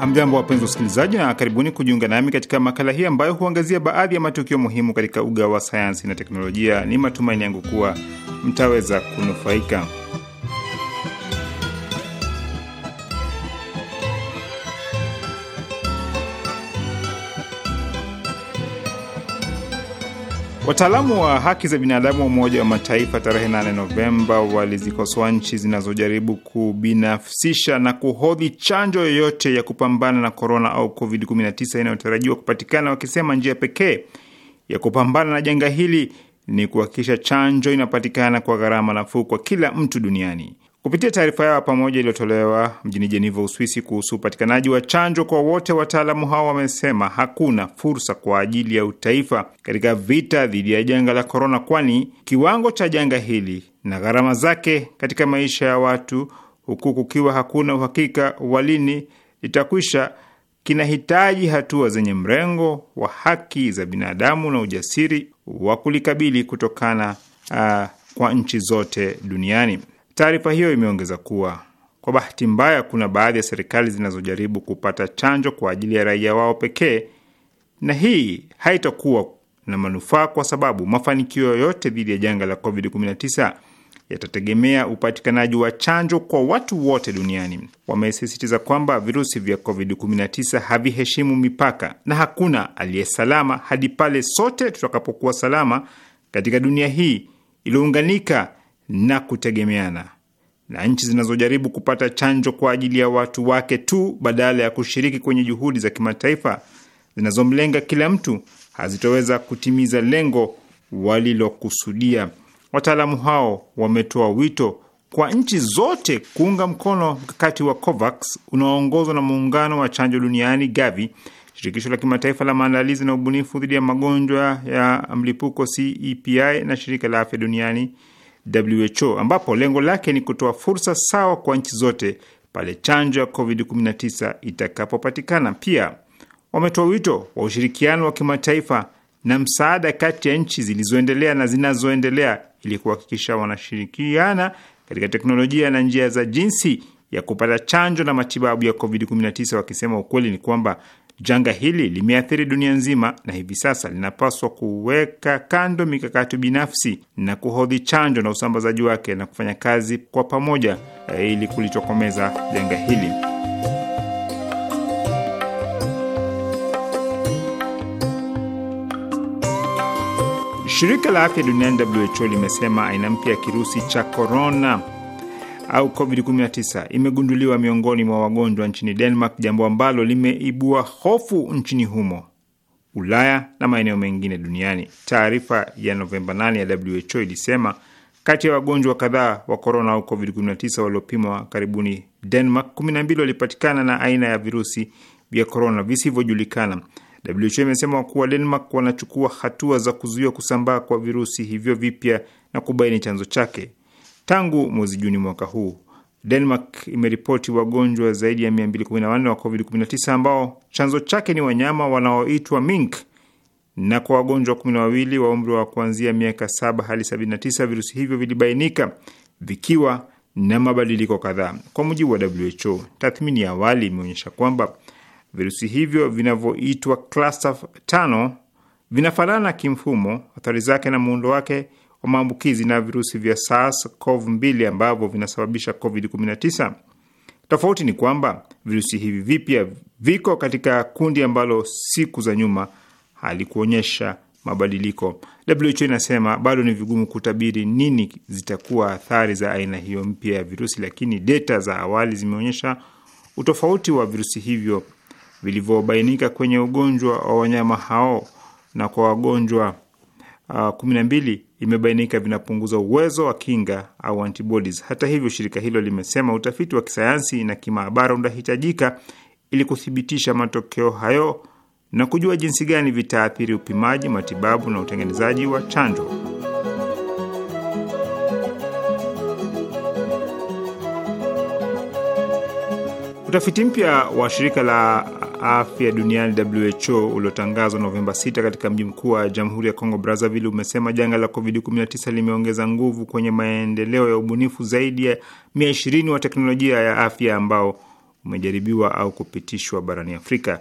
Amjambo, wapenzi wa usikilizaji na karibuni kujiunga nami katika makala hii ambayo huangazia baadhi ya matukio muhimu katika uga wa sayansi na teknolojia. Ni matumaini yangu kuwa mtaweza kunufaika. Wataalamu wa haki za binadamu wa Umoja wa Mataifa tarehe 8 Novemba walizikosoa nchi zinazojaribu kubinafsisha na kuhodhi chanjo yoyote ya kupambana na korona au covid-19 inayotarajiwa kupatikana, wakisema njia pekee ya kupambana na janga hili ni kuhakikisha chanjo inapatikana kwa gharama nafuu kwa kila mtu duniani. Kupitia taarifa yao pamoja iliyotolewa mjini Jeniva, Uswisi, kuhusu upatikanaji wa chanjo kwa wote, wataalamu hao wamesema hakuna fursa kwa ajili ya utaifa katika vita dhidi ya janga la korona, kwani kiwango cha janga hili na gharama zake katika maisha ya watu, huku kukiwa hakuna uhakika wa lini litakwisha, kinahitaji hatua zenye mrengo wa haki za binadamu na ujasiri wa kulikabili kutokana uh, kwa nchi zote duniani. Taarifa hiyo imeongeza kuwa kwa bahati mbaya, kuna baadhi ya serikali zinazojaribu kupata chanjo kwa ajili ya raia wao pekee, na hii haitakuwa na manufaa kwa sababu mafanikio yoyote dhidi ya janga la COVID-19 yatategemea upatikanaji wa chanjo kwa watu wote duniani. Wamesisitiza kwamba virusi vya COVID-19 haviheshimu mipaka na hakuna aliyesalama hadi pale sote tutakapokuwa salama katika dunia hii iliyounganika na kutegemeana, na nchi zinazojaribu kupata chanjo kwa ajili ya watu wake tu badala ya kushiriki kwenye juhudi za kimataifa zinazomlenga kila mtu hazitoweza kutimiza lengo walilokusudia. Wataalamu hao wametoa wito kwa nchi zote kuunga mkono mkakati wa COVAX unaoongozwa na muungano wa chanjo duniani GAVI, shirikisho la kimataifa la maandalizi na ubunifu dhidi ya magonjwa ya mlipuko CEPI na shirika la afya duniani WHO ambapo lengo lake ni kutoa fursa sawa kwa nchi zote pale chanjo ya COVID-19 itakapopatikana. Pia wametoa wito wa ushirikiano wa kimataifa na msaada kati ya nchi zilizoendelea na zinazoendelea ili kuhakikisha wanashirikiana katika teknolojia na njia za jinsi ya kupata chanjo na matibabu ya COVID-19, wakisema ukweli ni kwamba Janga hili limeathiri dunia nzima na hivi sasa linapaswa kuweka kando mikakati binafsi na kuhodhi chanjo na usambazaji wake na kufanya kazi kwa pamoja eh, ili kulitokomeza janga hili. Shirika la Afya Duniani WHO limesema aina mpya ya kirusi cha korona au COVID-19 imegunduliwa miongoni mwa wagonjwa nchini Denmark, jambo ambalo limeibua hofu nchini humo, Ulaya na maeneo mengine duniani. Taarifa ya Novemba 8 ya WHO ilisema kati ya wagonjwa kadhaa wa korona au COVID-19 waliopimwa karibuni Denmark, 12 walipatikana na aina ya virusi vya korona visivyojulikana. WHO imesema kuwa Denmark wanachukua hatua za kuzuia kusambaa kwa virusi hivyo vipya na kubaini chanzo chake. Tangu mwezi Juni mwaka huu Denmark imeripoti wagonjwa zaidi ya 214 wa COVID-19 ambao chanzo chake ni wanyama wanaoitwa mink, na kwa wagonjwa 12 na wa umri wa kuanzia miaka 7 hadi 79 virusi hivyo vilibainika vikiwa na mabadiliko kadhaa. Kwa mujibu wa WHO, tathmini ya awali imeonyesha kwamba virusi hivyo vinavyoitwa cluster 5 vinafanana kimfumo, athari zake na muundo wake wa maambukizi na virusi vya SARS-CoV-2 ambavyo vinasababisha COVID-19. Tofauti ni kwamba virusi hivi vipya viko katika kundi ambalo siku za nyuma halikuonyesha mabadiliko. WHO inasema bado ni vigumu kutabiri nini zitakuwa athari za aina hiyo mpya ya virusi, lakini data za awali zimeonyesha utofauti wa virusi hivyo vilivyobainika kwenye ugonjwa wa wanyama hao na kwa wagonjwa 12 ah, imebainika vinapunguza uwezo wa kinga au antibodies. Hata hivyo, shirika hilo limesema utafiti wa kisayansi na kimaabara unahitajika ili kuthibitisha matokeo hayo na kujua jinsi gani vitaathiri upimaji, matibabu na utengenezaji wa chanjo. Utafiti mpya wa shirika la afya duniani WHO uliotangazwa Novemba 6 katika mji mkuu wa jamhuri ya Kongo, Brazzaville, umesema janga la COVID-19 limeongeza nguvu kwenye maendeleo ya ubunifu zaidi ya ishirini wa teknolojia ya afya ambao umejaribiwa au kupitishwa barani Afrika.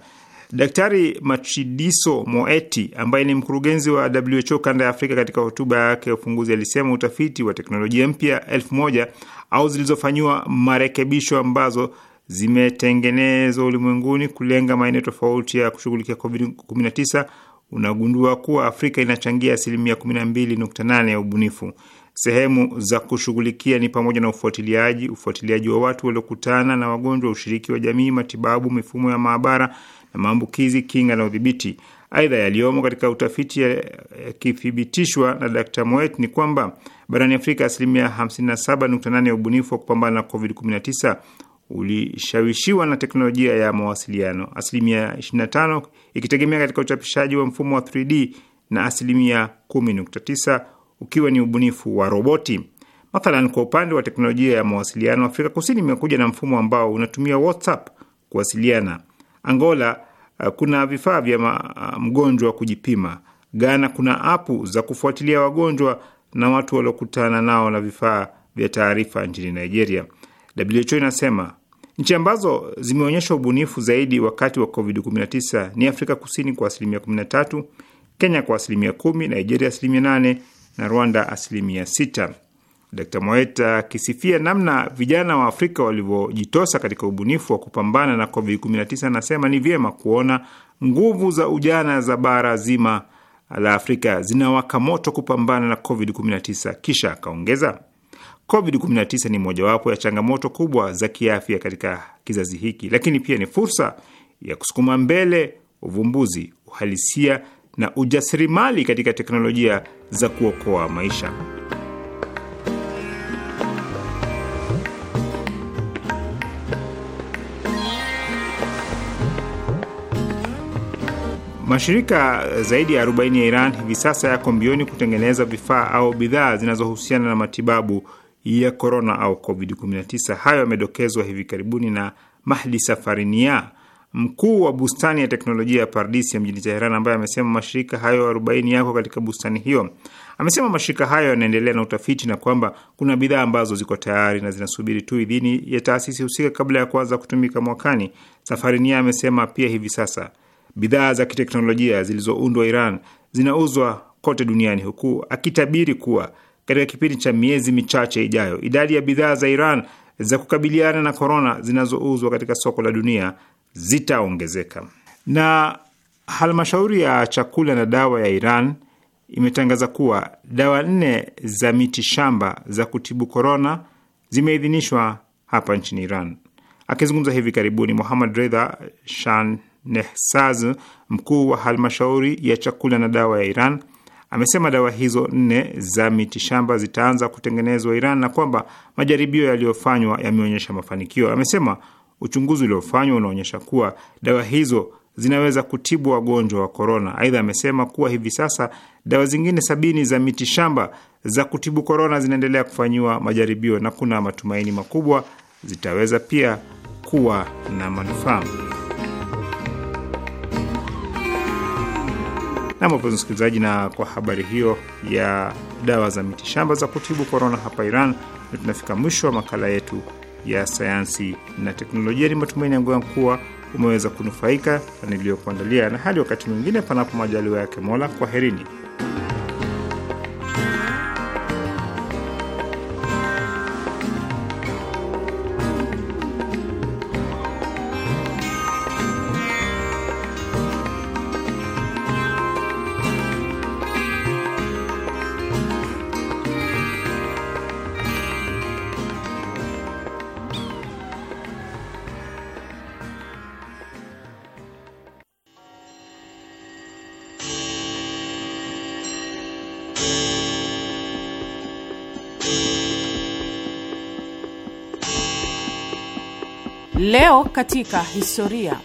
Daktari machidiso Moeti ambaye ni mkurugenzi wa WHO kanda ya Afrika, katika hotuba yake ya ufunguzi alisema utafiti wa teknolojia mpya elfu moja au zilizofanyiwa marekebisho ambazo zimetengenezwa ulimwenguni kulenga maeneo tofauti ya kushughulikia COVID-19, unagundua kuwa Afrika inachangia asilimia 12.8 ya ubunifu. Sehemu za kushughulikia ni pamoja na ufuatiliaji, ufuatiliaji wa watu waliokutana na wagonjwa, ushiriki wa jamii, matibabu, mifumo ya maabara na maambukizi, kinga na udhibiti. Aidha, yaliyomo katika utafiti yakithibitishwa na d Moet ni kwamba barani Afrika asilimia 57.8 ya ubunifu wa kupambana na COVID-19 ulishawishiwa na teknolojia ya mawasiliano, asilimia 25 ikitegemea katika uchapishaji wa mfumo wa 3D na asilimia 10.9 ukiwa ni ubunifu wa roboti. Mathalan, kwa upande wa teknolojia ya mawasiliano, Afrika Kusini imekuja na mfumo ambao unatumia WhatsApp kuwasiliana. Angola uh, kuna vifaa vya uh, mgonjwa kujipima. Ghana kuna apu za kufuatilia wagonjwa na watu waliokutana nao na vifaa vya taarifa nchini Nigeria. WHO inasema nchi ambazo zimeonyesha ubunifu zaidi wakati wa COVID-19 ni Afrika Kusini kwa asilimia 13, Kenya kwa asilimia 10, Nigeria asilimia 8 na Rwanda asilimia 6. Dkt Moeta akisifia namna vijana wa Afrika walivyojitosa katika ubunifu wa kupambana na COVID-19, anasema ni vyema kuona nguvu za ujana za bara zima la Afrika zinawaka moto kupambana na COVID-19. Kisha akaongeza COVID-19 ni mojawapo ya changamoto kubwa za kiafya katika kizazi hiki, lakini pia ni fursa ya kusukuma mbele uvumbuzi, uhalisia na ujasirimali katika teknolojia za kuokoa maisha. Mashirika zaidi ya 40 ya Iran hivi sasa yako mbioni kutengeneza vifaa au bidhaa zinazohusiana na matibabu ya korona au COVID-19. Hayo yamedokezwa hivi karibuni na Mahdi Safarinia, mkuu wa bustani ya teknolojia ya Pardis ya mjini Teheran, ambaye amesema mashirika hayo 40 yako katika bustani hiyo. Amesema mashirika hayo yanaendelea na utafiti na kwamba kuna bidhaa ambazo ziko tayari na zinasubiri tu idhini ya taasisi husika kabla ya kuanza kutumika mwakani. Safarinia amesema pia hivi sasa bidhaa za kiteknolojia zilizoundwa Iran zinauzwa kote duniani, huku akitabiri kuwa katika kipindi cha miezi michache ijayo. Idadi ya bidhaa za Iran za kukabiliana na korona zinazouzwa katika soko la dunia zitaongezeka. Na halmashauri ya chakula na dawa ya Iran imetangaza kuwa dawa nne za miti shamba za kutibu korona zimeidhinishwa hapa nchini Iran. Akizungumza hivi karibuni, Muhamad Redha Shanehsaz, mkuu wa halmashauri ya chakula na dawa ya Iran, Amesema dawa hizo nne za mitishamba zitaanza kutengenezwa Iran na kwamba majaribio yaliyofanywa yameonyesha mafanikio. Amesema uchunguzi uliofanywa unaonyesha kuwa dawa hizo zinaweza kutibu wagonjwa wa korona. Aidha, amesema kuwa hivi sasa dawa zingine sabini za mitishamba za kutibu korona zinaendelea kufanyiwa majaribio na kuna matumaini makubwa zitaweza pia kuwa na manufaa. Nam, wapenzi msikilizaji, na kwa habari hiyo ya dawa za mitishamba za kutibu korona hapa Iran, na tunafika mwisho wa makala yetu ya sayansi na teknolojia. Ni matumaini yangu kuwa umeweza kunufaika na niliyokuandalia, na hadi wakati mwingine, panapo majaliwa yake Mola, kwaherini. Leo katika historia.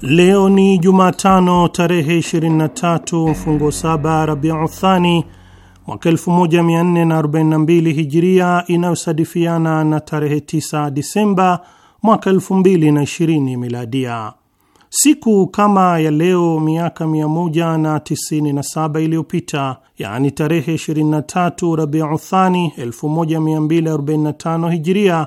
Leo ni Jumatano tarehe 23 mfungo 7 Rabiu Thani mwaka 1442 Hijiria, inayosadifiana na tarehe 9 Disemba mwaka 2020 Miladia. Siku kama ya leo miaka 197 iliyopita, yaani tarehe 23 Rabiuthani 1245 Hijiria,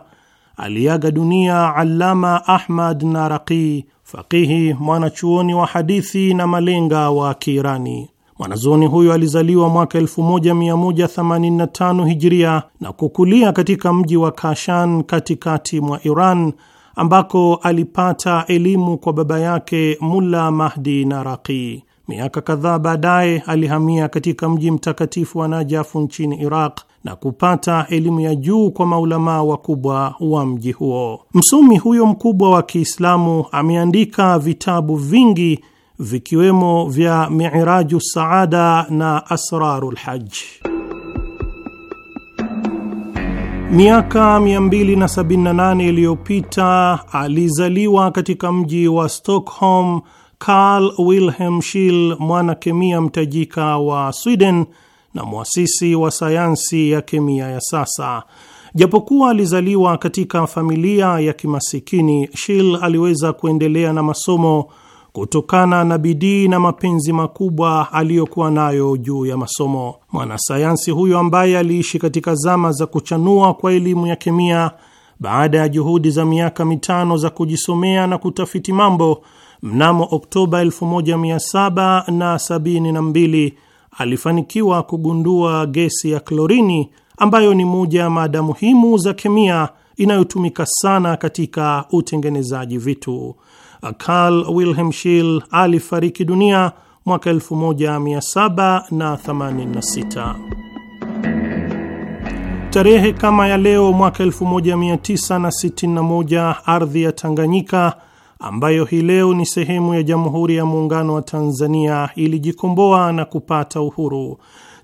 aliaga dunia Allama Ahmad Naraqi, faqihi, mwanachuoni wa hadithi na malenga wa Kiirani. Mwanazuoni huyo alizaliwa mwaka 1185 Hijiria na kukulia katika mji wa Kashan katikati mwa Iran ambako alipata elimu kwa baba yake Mulla Mahdi Naraqi. Miaka kadhaa baadaye alihamia katika mji mtakatifu wa Najafu nchini Iraq na kupata elimu ya juu kwa maulamaa wakubwa wa mji huo. Msomi huyo mkubwa wa Kiislamu ameandika vitabu vingi vikiwemo vya Miraju Saada na Asraru Lhaji. Miaka 278 iliyopita alizaliwa katika mji wa Stockholm Carl Wilhelm mwana kemia mtajika wa Sweden na mwasisi wa sayansi ya kemia ya sasa. Japokuwa alizaliwa katika familia ya kimasikini, Scheele aliweza kuendelea na masomo kutokana na bidii na mapenzi makubwa aliyokuwa nayo juu ya masomo. Mwanasayansi huyo ambaye aliishi katika zama za kuchanua kwa elimu ya kemia, baada ya juhudi za miaka mitano za kujisomea na kutafiti mambo, mnamo Oktoba 1772 alifanikiwa kugundua gesi ya klorini ambayo ni moja ya mada muhimu za kemia inayotumika sana katika utengenezaji vitu karl Wilhelm Schill alifariki dunia mwaka 1786. Tarehe kama ya leo mwaka 1961 ardhi ya Tanganyika ambayo hii leo ni sehemu ya Jamhuri ya Muungano wa Tanzania ilijikomboa na kupata uhuru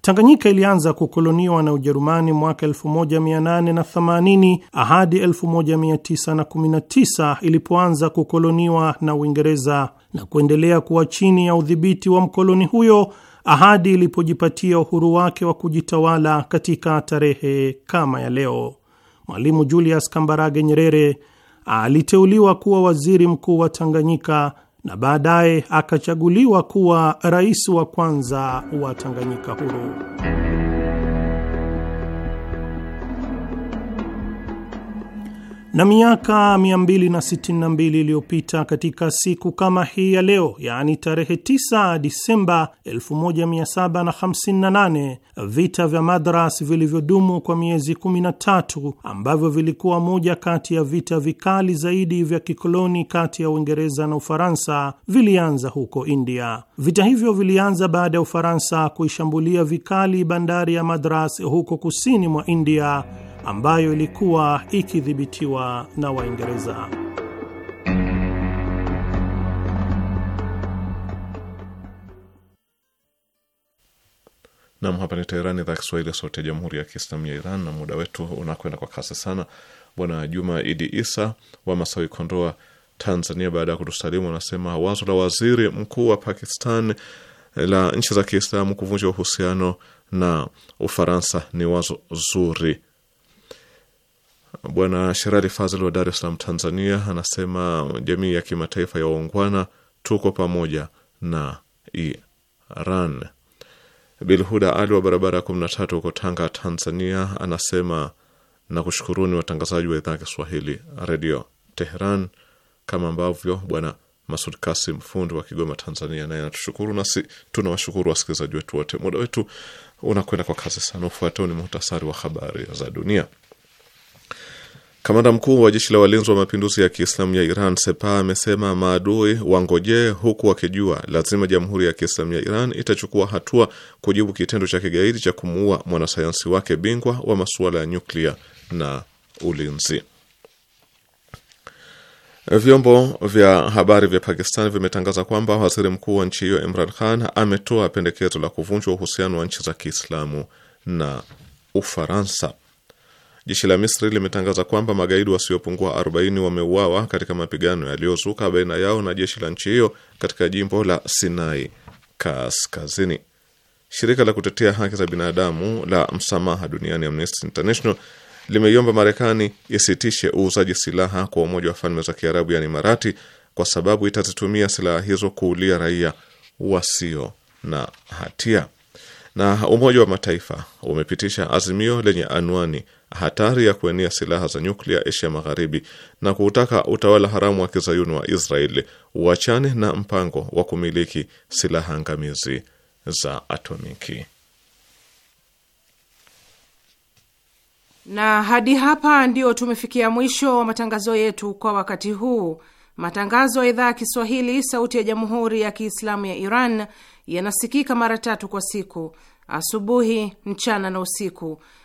Tanganyika ilianza kukoloniwa na Ujerumani mwaka 1880 hadi 1919 ilipoanza kukoloniwa na Uingereza na kuendelea kuwa chini ya udhibiti wa mkoloni huyo ahadi ilipojipatia uhuru wake wa kujitawala katika tarehe kama ya leo. Mwalimu Julius Kambarage Nyerere aliteuliwa kuwa waziri mkuu wa Tanganyika na baadaye akachaguliwa kuwa rais wa kwanza wa Tanganyika huru. na miaka 262 iliyopita katika siku kama hii ya leo, yaani tarehe 9 Disemba 1758, vita vya Madras vilivyodumu kwa miezi 13 ambavyo vilikuwa moja kati ya vita vikali zaidi vya kikoloni kati ya Uingereza na Ufaransa vilianza huko India. Vita hivyo vilianza baada ya Ufaransa kuishambulia vikali bandari ya Madras huko kusini mwa India ambayo ilikuwa ikidhibitiwa na Waingereza. Nam, hapa ni Teherani, idhaa ya Kiswahili, sauti ya jamhuri ya kiislamu ya Iran, na muda wetu unakwenda kwa kasi sana. Bwana Juma Idi Isa wa Masawi, Kondoa, Tanzania, baada ya kutusalimu anasema wazo la waziri mkuu wa Pakistan eh, la nchi za Kiislamu kuvunja uhusiano na Ufaransa ni wazo zuri Bwana Sherali Fazil wa Dar es Salaam, Tanzania, anasema jamii ya kimataifa ya waungwana, tuko pamoja na Iran. Bilhuda Ali wa barabara ya 13 huko Tanga, Tanzania, anasema nakushukuruni watangazaji wa idhaa ya Kiswahili Redio Teheran, kama ambavyo bwana Masud Kasim fundi wa Kigoma, Tanzania, naye anatushukuru, nasi tunawashukuru wasikilizaji wetu wote. Muda wetu unakwenda kwa kasi sana. Ufuatao ni muhtasari wa habari za dunia. Kamanda mkuu wa jeshi la walinzi wa mapinduzi ya Kiislamu ya Iran Sepa amesema maadui wangojee, huku wakijua lazima jamhuri ya Kiislamu ya Iran itachukua hatua kujibu kitendo cha kigaidi cha kumuua mwanasayansi wake bingwa wa masuala ya nyuklia na ulinzi. Vyombo vya habari vya Pakistan vimetangaza kwamba waziri mkuu wa nchi hiyo Imran Khan ametoa pendekezo la kuvunjwa uhusiano wa nchi za Kiislamu na Ufaransa. Jeshi la Misri limetangaza kwamba magaidi wasiopungua 40 wameuawa katika mapigano yaliyozuka baina yao na jeshi la nchi hiyo katika jimbo la Sinai Kaskazini. Shirika la kutetea haki za binadamu la msamaha duniani Amnesty International limeiomba Marekani isitishe uuzaji silaha kwa Umoja wa Falme za Kiarabu, yani Marati, kwa sababu itazitumia silaha hizo kuulia raia wasio na hatia. Na Umoja wa Mataifa umepitisha azimio lenye anwani hatari ya kuenea silaha za nyuklia Asia Magharibi na kuutaka utawala haramu wa kizayuni wa Israeli uachane na mpango wa kumiliki silaha angamizi za atomiki. Na hadi hapa ndio tumefikia mwisho wa matangazo yetu kwa wakati huu. Matangazo ya idhaa ya Kiswahili, sauti ya jamhuri ya kiislamu ya Iran yanasikika mara tatu kwa siku: asubuhi, mchana na usiku.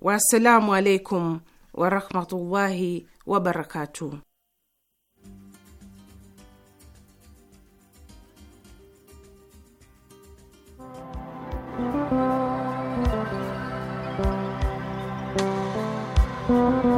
Wassalamu alaikum warahmatullahi you.